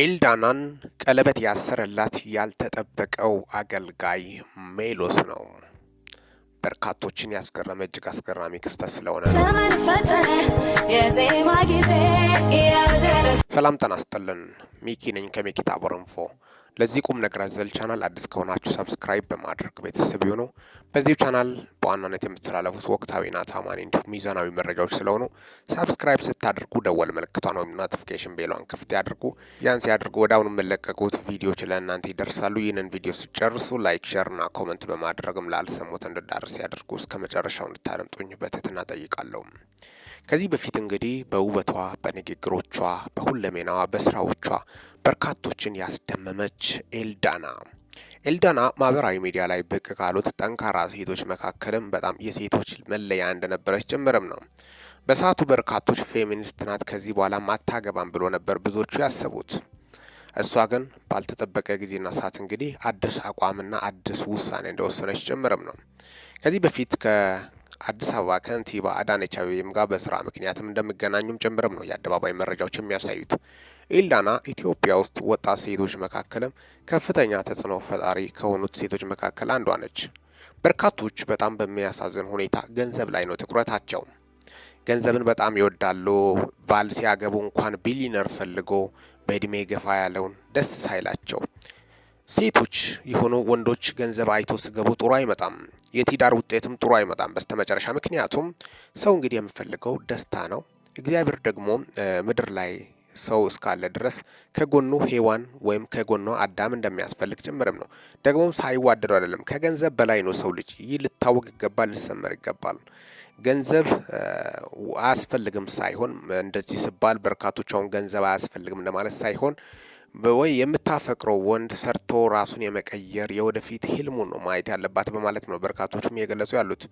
ኤልዳናን ቀለበት ያሰረላት ያልተጠበቀው አገልጋይ ሜሎስ ነው። በርካቶችን ያስገረመ እጅግ አስገራሚ ክስተት ስለሆነ ሰላም ጠናስጥልን ሚኪ ነኝ ከሚኪታ ቦረንፎ ለዚህ ቁም ነገር አዘል ቻናል አዲስ ከሆናችሁ ሰብስክራይብ በማድረግ ቤተሰብ የሆነው በዚህ ቻናል በዋናነት የምትተላለፉት ወቅታዊና ታማኒ እንዲሁም ሚዛናዊ መረጃዎች ስለሆኑ ሰብስክራይብ ስታደርጉ ደወል ምልክቷን ወይም ኖቲፊኬሽን ቤሏን ክፍት ያድርጉ። ያን ሲያደርጉ ወደ አሁኑ የምለቀቁት ቪዲዮዎች ለእናንተ ይደርሳሉ። ይህንን ቪዲዮ ስጨርሱ ላይክ፣ ሸርና ኮመንት በማድረግም ላልሰሙት እንድዳርስ ያድርጉ። እስከ መጨረሻው እንድታደምጡኝ በትህትና ጠይቃለሁ። ከዚህ በፊት እንግዲህ በውበቷ፣ በንግግሮቿ፣ በሁለሜናዋ፣ በስራዎቿ በርካቶችን ያስደመመች ኤልዳና ኤልዳና ማህበራዊ ሚዲያ ላይ ብቅ ካሉት ጠንካራ ሴቶች መካከልም በጣም የሴቶች መለያ እንደነበረች ጭምርም ነው። በሰዓቱ በርካቶች ፌሚኒስት ናት፣ ከዚህ በኋላ ማታገባም ብሎ ነበር ብዙዎቹ ያሰቡት። እሷ ግን ባልተጠበቀ ጊዜና ሰዓት እንግዲህ አዲስ አቋምና አዲስ ውሳኔ እንደወሰነች ጭምርም ነው። ከዚህ በፊት ከ አዲስ አበባ ከንቲባ አዳነች አቤቤም ጋር በስራ ምክንያትም እንደሚገናኙም ጭምርም ነው የአደባባይ መረጃዎች የሚያሳዩት። ኢልዳና ኢትዮጵያ ውስጥ ወጣት ሴቶች መካከልም ከፍተኛ ተጽዕኖ ፈጣሪ ከሆኑት ሴቶች መካከል አንዷ ነች። በርካቶች በጣም በሚያሳዝን ሁኔታ ገንዘብ ላይ ነው ትኩረታቸው። ገንዘብን በጣም ይወዳሉ። ባል ሲያገቡ እንኳን ቢሊነር ፈልጎ በእድሜ ገፋ ያለውን ደስ ሳይላቸው ሴቶች የሆኑ ወንዶች ገንዘብ አይቶ ሲገቡ ጥሩ አይመጣም። የትዳር ውጤትም ጥሩ አይመጣም በስተመጨረሻ። ምክንያቱም ሰው እንግዲህ የምፈልገው ደስታ ነው። እግዚአብሔር ደግሞ ምድር ላይ ሰው እስካለ ድረስ ከጎኑ ሔዋን ወይም ከጎኗ አዳም እንደሚያስፈልግ ጭምርም ነው። ደግሞም ሳይዋደዱ አይደለም፣ ከገንዘብ በላይ ነው ሰው ልጅ። ይህ ልታወቅ ይገባል፣ ልሰመር ይገባል። ገንዘብ አያስፈልግም ሳይሆን እንደዚህ ስባል በርካቶች አሁን ገንዘብ አያስፈልግም ለማለት ሳይሆን ወይ የምታፈቅረው ወንድ ሰርቶ ራሱን የመቀየር የወደፊት ህልሙ ነው ማየት ያለባት በማለት ነው በርካቶችም እየገለጹ ያሉት።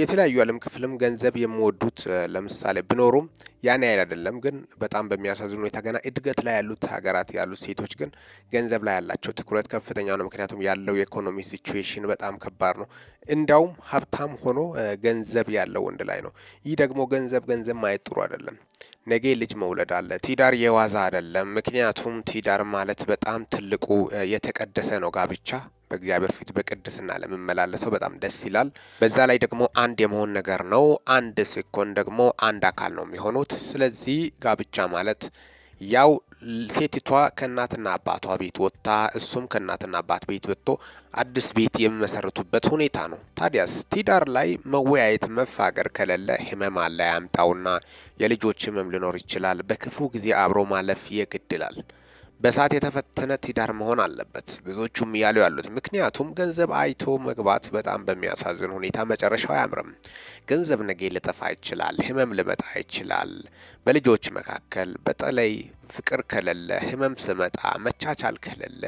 የተለያዩ ዓለም ክፍልም ገንዘብ የሚወዱት ለምሳሌ ቢኖሩም ያን ያህል አይደለም። ግን በጣም በሚያሳዝን ሁኔታ ገና እድገት ላይ ያሉት ሀገራት ያሉት ሴቶች ግን ገንዘብ ላይ ያላቸው ትኩረት ከፍተኛ ነው። ምክንያቱም ያለው የኢኮኖሚ ሲቹዌሽን በጣም ከባድ ነው። እንዲያውም ሀብታም ሆኖ ገንዘብ ያለው ወንድ ላይ ነው። ይህ ደግሞ ገንዘብ ገንዘብ ማየት ጥሩ አይደለም። ነገ ልጅ መውለድ አለ። ትዳር የዋዛ አይደለም። ምክንያቱም ትዳር ማለት በጣም ትልቁ የተቀደሰ ነው። ጋብቻ በእግዚአብሔር ፊት በቅድስና ለምመላለሰው በጣም ደስ ይላል። በዛ ላይ ደግሞ አንድ የመሆን ነገር ነው። አንድ ሲኮን ደግሞ አንድ አካል ነው የሚሆኑት። ስለዚህ ጋብቻ ማለት ያው ሴቲቷ ከእናትና አባቷ ቤት ወጥታ እሱም ከእናትና አባት ቤት ወጥቶ አዲስ ቤት የሚመሰርቱበት ሁኔታ ነው። ታዲያስ ትዳር ላይ መወያየት መፋቀር ከሌለ ህመም አለ ያምጣውና የልጆች ህመም ሊኖር ይችላል። በክፉ ጊዜ አብሮ ማለፍ የግድላል። በእሳት የተፈተነ ትዳር መሆን አለበት ብዙዎቹም እያሉ ያሉት። ምክንያቱም ገንዘብ አይቶ መግባት በጣም በሚያሳዝን ሁኔታ መጨረሻው አያምርም። ገንዘብ ነገ ልጠፋ ይችላል። ህመም ልመጣ ይችላል። በልጆች መካከል በተለይ ፍቅር ከሌለ፣ ህመም ስመጣ፣ መቻቻል ከሌለ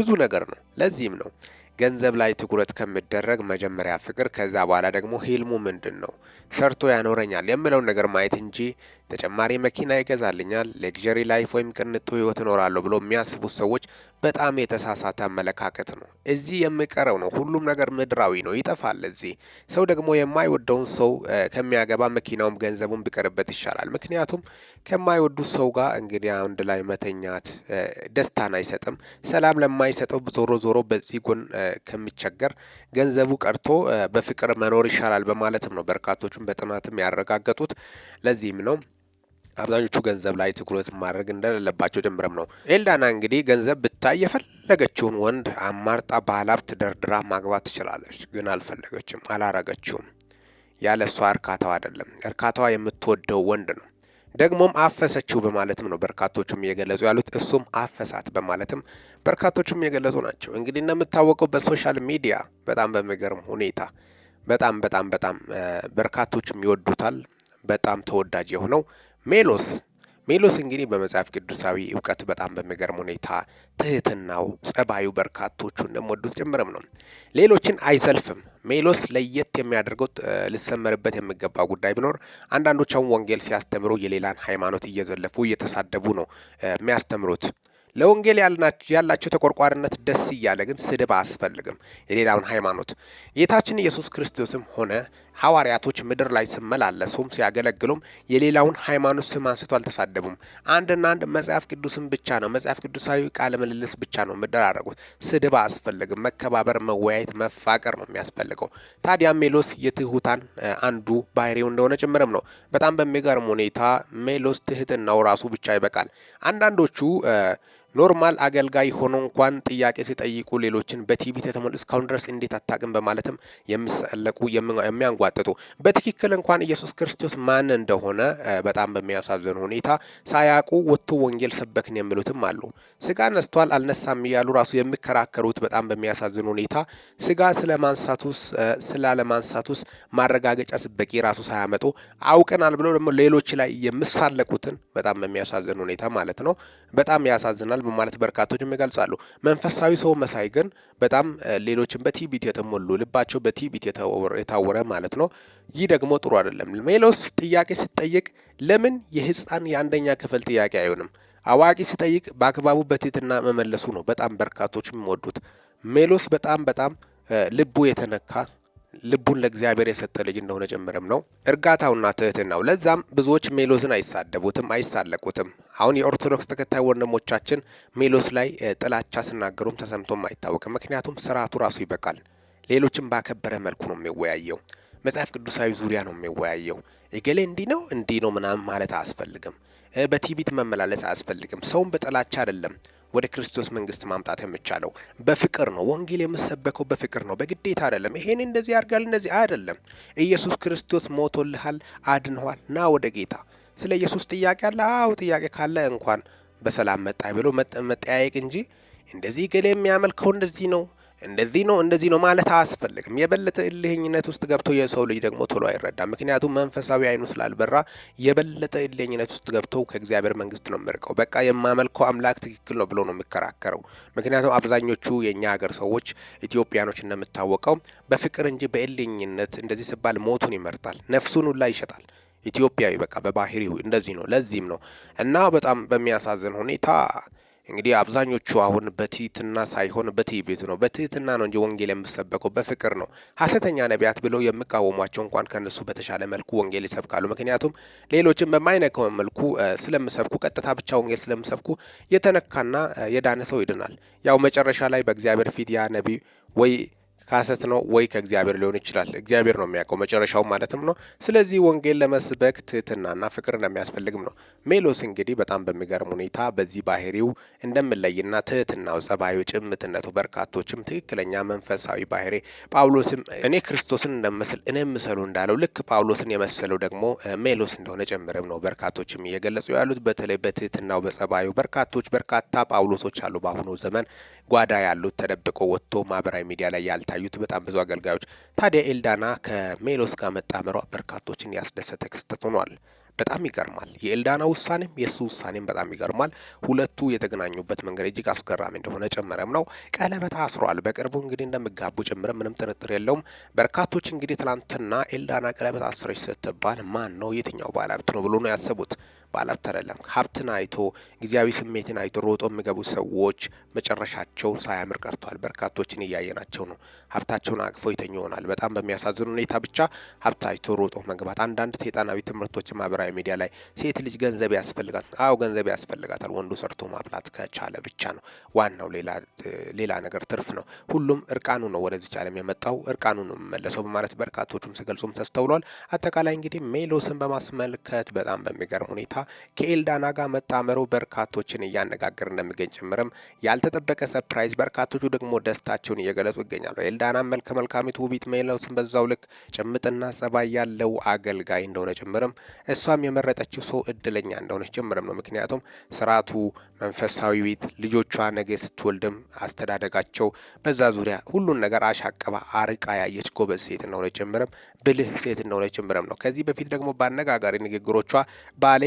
ብዙ ነገር ነው። ለዚህም ነው ገንዘብ ላይ ትኩረት ከሚደረግ መጀመሪያ ፍቅር፣ ከዛ በኋላ ደግሞ ህልሙ ምንድን ነው ሰርቶ ያኖረኛል የምለውን ነገር ማየት እንጂ ተጨማሪ መኪና ይገዛልኛል፣ ሌግዠሪ ላይፍ ወይም ቅንጡ ህይወት እኖራለሁ ብሎ የሚያስቡት ሰዎች በጣም የተሳሳተ አመለካከት ነው። እዚህ የሚቀረው ነው። ሁሉም ነገር ምድራዊ ነው፣ ይጠፋል። እዚህ ሰው ደግሞ የማይወደውን ሰው ከሚያገባ መኪናውም ገንዘቡን ቢቀርበት ይሻላል። ምክንያቱም ከማይወዱት ሰው ጋር እንግዲህ አንድ ላይ መተኛት ደስታን አይሰጥም፣ ሰላም ለማይሰጠው ዞሮ ዞሮ በዚህ ጎን ከሚቸገር ገንዘቡ ቀርቶ በፍቅር መኖር ይሻላል በማለትም ነው በርካቶችም በጥናትም ያረጋገጡት። ለዚህም ነው አብዛኞቹ ገንዘብ ላይ ትኩረት ማድረግ እንደሌለባቸው ጀምረም ነው። ኤልዳና እንግዲህ ገንዘብ ብታይ የፈለገችውን ወንድ አማርጣ ባለሀብት ደርድራ ማግባት ትችላለች፣ ግን አልፈለገችም፣ አላረገችውም። ያለ እሷ እርካታው አይደለም፣ እርካታዋ የምትወደው ወንድ ነው። ደግሞም አፈሰችው በማለትም ነው በርካቶቹም እየገለጹ ያሉት። እሱም አፈሳት በማለትም በርካቶቹም እየገለጹ ናቸው። እንግዲህ እንደምታወቀው በሶሻል ሚዲያ በጣም በሚገርም ሁኔታ በጣም በጣም በጣም በርካቶችም ይወዱታል። በጣም ተወዳጅ የሆነው ሜሎስ ሜሎስ እንግዲህ በመጽሐፍ ቅዱሳዊ እውቀት በጣም በሚገርም ሁኔታ ትህትናው፣ ጸባዩ በርካቶቹ እንደሚወዱት ጭምርም ነው። ሌሎችን አይሰልፍም። ሜሎስ ለየት የሚያደርገው ልሰመርበት የሚገባ ጉዳይ ቢኖር አንዳንዶች አሁን ወንጌል ሲያስተምሩ የሌላን ሃይማኖት እየዘለፉ እየተሳደቡ ነው የሚያስተምሩት። ለወንጌል ያላቸው ተቆርቋሪነት ደስ እያለ ግን ስድብ አያስፈልግም። የሌላውን ሃይማኖት ጌታችን ኢየሱስ ክርስቶስም ሆነ ሐዋርያቶች ምድር ላይ ሲመላለሱም ሲያገለግሉም የሌላውን ሃይማኖት ስም አንስቶ አልተሳደቡም። አንድና አንድ መጽሐፍ ቅዱስን ብቻ ነው መጽሐፍ ቅዱሳዊ ቃለ ምልልስ ብቻ ነው የምደራረጉት። ስድብ አያስፈልግም። መከባበር፣ መወያየት፣ መፋቀር ነው የሚያስፈልገው። ታዲያ ሜሎስ የትሁታን አንዱ ባህሪው እንደሆነ ጭምርም ነው። በጣም በሚገርም ሁኔታ ሜሎስ ትህትናው ራሱ ብቻ ይበቃል። አንዳንዶቹ ኖርማል አገልጋይ ሆኖ እንኳን ጥያቄ ሲጠይቁ ሌሎችን በትዕቢት የተሞሉ እስካሁን ድረስ እንዴት አታውቅም በማለትም የሚሰለቁ የሚያንጓጥጡ በትክክል እንኳን ኢየሱስ ክርስቶስ ማን እንደሆነ በጣም በሚያሳዝን ሁኔታ ሳያውቁ ወጥቶ ወንጌል ሰበክን የሚሉትም አሉ። ስጋ ነስቷል አልነሳም እያሉ ራሱ የሚከራከሩት በጣም በሚያሳዝን ሁኔታ ስጋ ስለማንሳቱስ ስላለማንሳቱስ ማረጋገጫ ስበቂ ራሱ ሳያመጡ አውቀናል ብለው ደግሞ ሌሎች ላይ የሚሳለቁትን በጣም በሚያሳዝን ሁኔታ ማለት ነው። በጣም ያሳዝናል። በማለት በርካቶችም ይገልጻሉ። መንፈሳዊ ሰው መሳይ ግን በጣም ሌሎችን በትዕቢት የተሞሉ ልባቸው በትዕቢት የታወረ ማለት ነው። ይህ ደግሞ ጥሩ አይደለም። ሜሎስ ጥያቄ ሲጠይቅ ለምን የህፃን የአንደኛ ክፍል ጥያቄ አይሆንም? አዋቂ ሲጠይቅ በአግባቡ በትህትና መመለሱ ነው። በጣም በርካቶች የሚወዱት ሜሎስ በጣም በጣም ልቡ የተነካ ልቡን ለእግዚአብሔር የሰጠ ልጅ እንደሆነ ጭምርም ነው እርጋታውና ትህትናው። ለዛም ብዙዎች ሜሎስን አይሳደቡትም፣ አይሳለቁትም። አሁን የኦርቶዶክስ ተከታይ ወንድሞቻችን ሜሎስ ላይ ጥላቻ ስናገሩም ተሰምቶም አይታወቅም። ምክንያቱም ስርዓቱ ራሱ ይበቃል። ሌሎችም ባከበረ መልኩ ነው የሚወያየው። መጽሐፍ ቅዱሳዊ ዙሪያ ነው የሚወያየው። እገሌ እንዲህ ነው እንዲህ ነው ምናምን ማለት አያስፈልግም። በትዕቢት መመላለስ አያስፈልግም። ሰውን በጥላቻ አይደለም ወደ ክርስቶስ መንግስት ማምጣት የምቻለው በፍቅር ነው። ወንጌል የምሰበከው በፍቅር ነው፣ በግዴታ አይደለም። ይሄን እንደዚህ ያርጋል እንደዚህ አይደለም። ኢየሱስ ክርስቶስ ሞቶልሃል፣ አድንኋል፣ ና ወደ ጌታ። ስለ ኢየሱስ ጥያቄ አለ? አዎ ጥያቄ ካለ እንኳን በሰላም መጣ ብሎ መጠያየቅ እንጂ እንደዚህ ገሌ የሚያመልከው እንደዚህ ነው እንደዚህ ነው እንደዚህ ነው ማለት አያስፈልግም። የበለጠ እልህኝነት ውስጥ ገብቶ የሰው ልጅ ደግሞ ቶሎ አይረዳም። ምክንያቱም መንፈሳዊ አይኑ ስላልበራ የበለጠ እልህኝነት ውስጥ ገብቶ ከእግዚአብሔር መንግስት ነው የምርቀው፣ በቃ የማመልከው አምላክ ትክክል ነው ብሎ ነው የሚከራከረው። ምክንያቱም አብዛኞቹ የእኛ ሀገር ሰዎች ኢትዮጵያኖች እንደምታወቀው በፍቅር እንጂ በእልህኝነት እንደዚህ ሲባል ሞቱን ይመርጣል፣ ነፍሱን ሁላ ይሸጣል። ኢትዮጵያዊ በቃ በባህሪው እንደዚህ ነው። ለዚህም ነው እና በጣም በሚያሳዝን ሁኔታ እንግዲህ አብዛኞቹ አሁን በትህትና ሳይሆን በትዕቢት ነው። በትህትና ነው እንጂ ወንጌል የሚሰበከው በፍቅር ነው። ሐሰተኛ ነቢያት ብለው የሚቃወሟቸው እንኳን ከነሱ በተሻለ መልኩ ወንጌል ይሰብካሉ። ምክንያቱም ሌሎችን በማይነካው መልኩ ስለምሰብኩ፣ ቀጥታ ብቻ ወንጌል ስለምሰብኩ የተነካና የዳነ ሰው ይድናል። ያው መጨረሻ ላይ በእግዚአብሔር ፊት ያ ነቢይ ወይ ከሐሰት ነው ወይ ከእግዚአብሔር ሊሆን ይችላል። እግዚአብሔር ነው የሚያውቀው መጨረሻው ማለትም ነው። ስለዚህ ወንጌል ለመስበክ ትህትናና ፍቅር እንደሚያስፈልግም ነው። ሜሎስ እንግዲህ በጣም በሚገርም ሁኔታ በዚህ ባህሪው እንደምለይና ትህትናው፣ ጸባዩ፣ ጭምትነቱ በርካቶችም ትክክለኛ መንፈሳዊ ባህሬ ጳውሎስም እኔ ክርስቶስን እንደምስል እኔ ምሰሉ እንዳለው ልክ ጳውሎስን የመሰለው ደግሞ ሜሎስ እንደሆነ ጨምርም ነው በርካቶችም እየገለጹ ያሉት በተለይ በትህትናው በጸባዩ በርካቶች በርካታ ጳውሎሶች አሉ በአሁኑ ዘመን ጓዳ ያሉት ተደብቆ ወጥቶ ማህበራዊ ሚዲያ ላይ ያልታ የታዩት በጣም ብዙ አገልጋዮች። ታዲያ ኤልዳና ከሜሎስ ጋር መጣመሯ በርካቶችን ያስደሰተ ክስተት ሆኗል። በጣም ይገርማል። የኤልዳና ውሳኔም የእሱ ውሳኔም በጣም ይገርማል። ሁለቱ የተገናኙበት መንገድ እጅግ አስገራሚ እንደሆነ ጭምርም ነው። ቀለበት አስሯል። በቅርቡ እንግዲህ እንደሚጋቡ ጭምር ምንም ጥርጥር የለውም። በርካቶች እንግዲህ ትላንትና ኤልዳና ቀለበት አስረች ስትባል ማን ነው የትኛው ባለሀብት ነው ብሎ ነው ያሰቡት። ባለሀብት አይደለም ሀብትን አይቶ ጊዜያዊ ስሜትን አይቶ ሮጦ የሚገቡ ሰዎች መጨረሻቸው ሳያምር ቀርቷል። በርካቶችን እያየናቸው ነው። ሀብታቸውን አቅፈው ይተኙ ይሆናል። በጣም በሚያሳዝን ሁኔታ ብቻ ሀብታቸው ሮጦ መግባት። አንዳንድ ሴጣናዊ ትምህርቶች ማህበራዊ ሚዲያ ላይ ሴት ልጅ ገንዘብ ያስፈልጋት፣ አዎ ገንዘብ ያስፈልጋታል። ወንዱ ሰርቶ ማብላት ከቻለ ብቻ ነው ዋናው፣ ሌላ ነገር ትርፍ ነው። ሁሉም እርቃኑ ነው ወደዚች ዓለም የመጣው እርቃኑ ነው የሚመለሰው በማለት በርካቶቹም ሲገልጹም ተስተውሏል። አጠቃላይ እንግዲህ ሜሎስን በማስመልከት በጣም በሚገርም ሁኔታ ከኤልዳና ጋር መጣመረው በርካቶችን እያነጋገር እንደሚገኝ ጭምርም ያልተ ያልተጠበቀ ሰርፕራይዝ፣ በርካቶቹ ደግሞ ደስታቸውን እየገለጹ ይገኛሉ። ኤልዳናም መልከ መልካሚቱ ውቢት ሜላውስን በዛው ልክ ጭምጥና ጸባይ ያለው አገልጋይ እንደሆነ ጭምርም እሷም የመረጠችው ሰው እድለኛ እንደሆነች ጭምርም ነው። ምክንያቱም ስርዓቱ መንፈሳዊ ቤት ልጆቿ ነገ ስትወልድም አስተዳደጋቸው በዛ ዙሪያ ሁሉን ነገር አሻቀባ አርቃ ያየች ጎበዝ ሴት እንደሆነ ጭምርም ብልህ ሴት እንደሆነ ጭምርም ነው። ከዚህ በፊት ደግሞ በአነጋጋሪ ንግግሮቿ ባሌ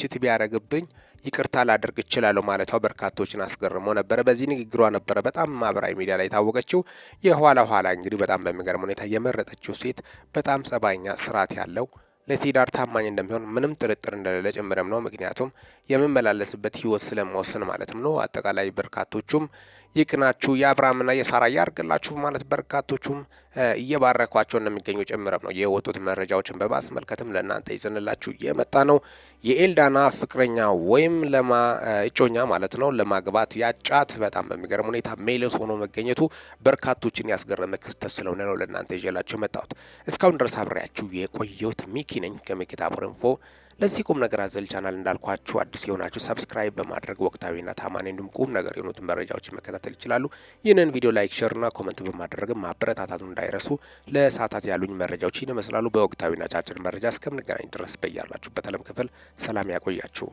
ችት ቢያደርግብኝ። ይቅርታ ላደርግ እችላለሁ ማለቷ በርካቶችን አስገርሞ ነበረ። በዚህ ንግግሯ ነበረ በጣም ማህበራዊ ሚዲያ ላይ የታወቀችው። የኋላ ኋላ እንግዲህ በጣም በሚገርም ሁኔታ የመረጠችው ሴት በጣም ጸባይኛ፣ ስርዓት ያለው ለትዳር ታማኝ እንደሚሆን ምንም ጥርጥር እንደሌለ ጭምርም ነው። ምክንያቱም የምመላለስበት ህይወት ስለመወስን ማለትም ነው። አጠቃላይ በርካቶቹም ይቅናችሁ የአብርሃምና የሳራ ያርግላችሁ ማለት በርካቶቹም እየባረኳቸው እንደሚገኙ ጭምረም ነው የወጡት መረጃዎችን በማስመልከትም ለእናንተ ይዘንላችሁ የመጣ ነው። የኤልዳና ፍቅረኛ ወይም ለማ እጮኛ ማለት ነው ለማግባት ያጫት በጣም በሚገርም ሁኔታ ሜልስ ሆኖ መገኘቱ በርካቶችን ያስገረመ ክስተት ስለሆነ ነው ለእናንተ ይዤላችሁ የመጣሁት። እስካሁን ድረስ አብሬያችሁ የቆየሁት ሚኪ ነኝ ከሚኪታ ቦረንፎ ለዚህ ቁም ነገር አዘል ቻናል እንዳልኳችሁ አዲስ የሆናችሁ ሰብስክራይብ በማድረግ ወቅታዊና ታማኝ እንዲሁም ቁም ነገር የሆኑትን መረጃዎችን መከታተል ይችላሉ። ይህንን ቪዲዮ ላይክ፣ ሼርና ኮመንት በማድረግ ማበረታታቱን እንዳይረሱ። ለሰዓታት ያሉኝ መረጃዎች ይመስላሉ። በወቅታዊና ጫጭር መረጃ እስከምንገናኝ ድረስ በያላችሁበት ዓለም ክፍል ሰላም ያቆያችሁ።